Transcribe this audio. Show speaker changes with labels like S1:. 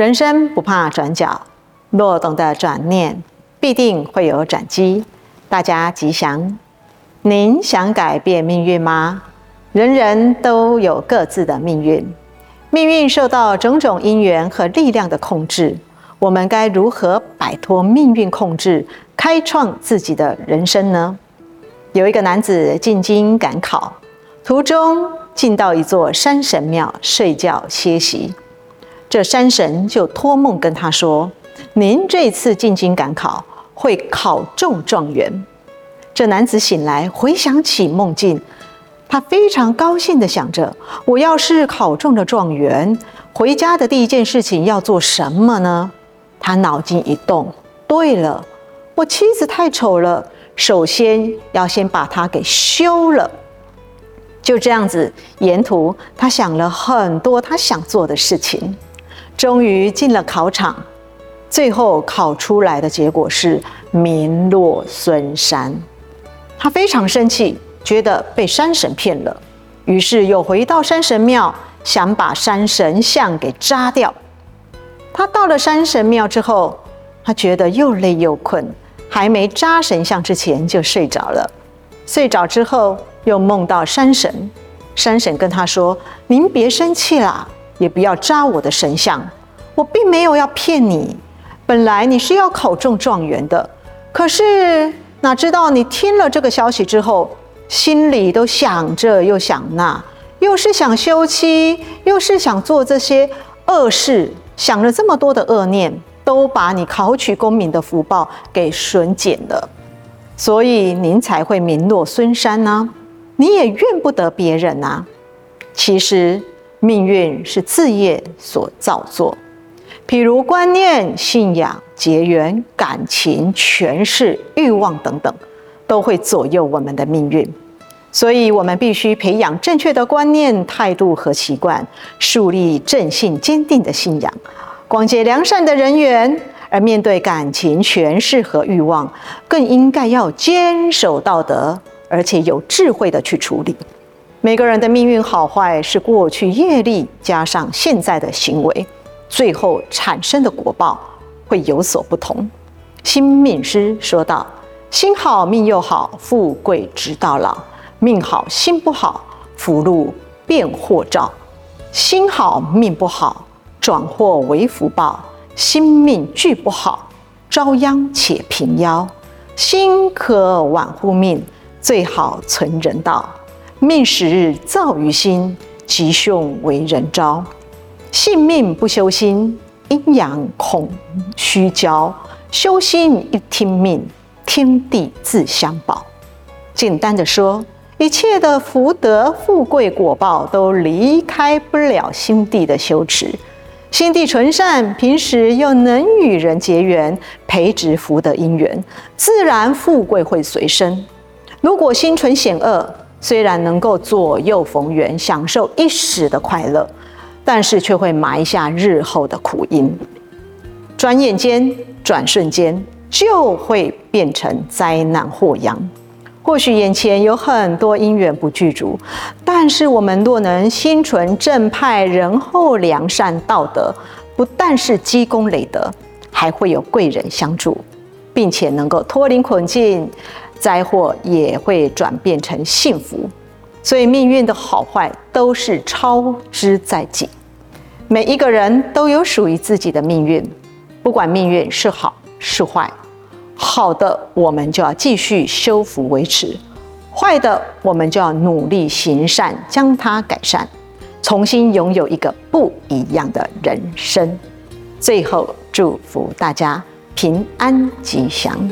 S1: 人生不怕轉角，若懂得轉念，必定會有轉機。大家吉祥！您想改變命運嗎？人人都有各自的命運，命運受到種種因緣和力量的控制。我們該如何擺脫命運控制，開創自己的人生呢？有一個男子進京趕考，途中進到一座山神廟睡覺歇息。這山神就托夢跟他說：“您這次進京趕考會考中狀元。”這男子醒來回想起夢境，他非常高興地想着：“我要是考中了狀元，回家的第一件事情要做什麼呢？”他腦筋一動，對了，我妻子太醜了，首先要先把她給休了。就這樣子，沿途他想了很多他想做的事情。終於進了考場，最後考出來的結果是名落孫山。他非常生氣，覺得被山神騙了，於是又回到山神廟，想把山神像給扎掉。他到了山神廟之後，他覺得又累又困，還沒扎神像之前就睡着了。睡着之後又夢到山神，山神跟他說：“您別生氣啦。”也不要扎我的神像，我並沒有要騙你。本來你是要考中狀元的，可是哪知道你聽了這個消息之後，心裡都想着又想那，又是想休妻，又是想做這些惡事，想了這麼多的惡念，都把你考取功名的福報給損減了，所以您才會名落孫山呢、啊。你也怨不得別人吶、啊。其實。命運是自業所造作，比如觀念、信仰、結緣、感情、權勢、欲望等等，都會左右我們的命運。所以，我們必須培養正確的觀念、態度和習慣，樹立正信、堅定的信仰，廣結良善的人緣。而面對感情、權勢和欲望，更應該要堅守道德，而且有智慧地去處理。每個人的命運好壞是過去業力加上現在的行為，最後產生的果報會有所不同。心命師說道：“心好命又好，富貴直到老；命好心不好，福祿變禍兆。心好命不好，轉禍為福報；心命俱不好，遭殃且貧夭。心可挽乎命，最好存人道。”命實造於心，吉凶為人招；性命不修心，陰陽恐虛交。修心一聽命，天地自相保。簡單的說，一切的福德、富貴果報都離開不了心地的修持。心地純善，平時又能與人結緣，培植福德因緣，自然富貴會隨身。如果心存險惡，雖然能夠左右逢源，享受一時的快樂，但是卻會埋下日後的苦因。轉眼間、轉瞬間，就會變成災難禍殃。或許眼前有很多因緣不具足，但是我們若能心存正派、仁厚、良善、道德，不但是積功累德，還會有貴人相助，並且能夠脫離困境。災禍也會轉變成幸福，所以命運的好壞都是操之在己。每一個人都有屬於自己的命運，不管命運是好是壞，好的我們就要繼續修復維持，壞的我們就要努力行善，將它改善，重新擁有一個不一樣的人生。最後祝福大家平安吉祥。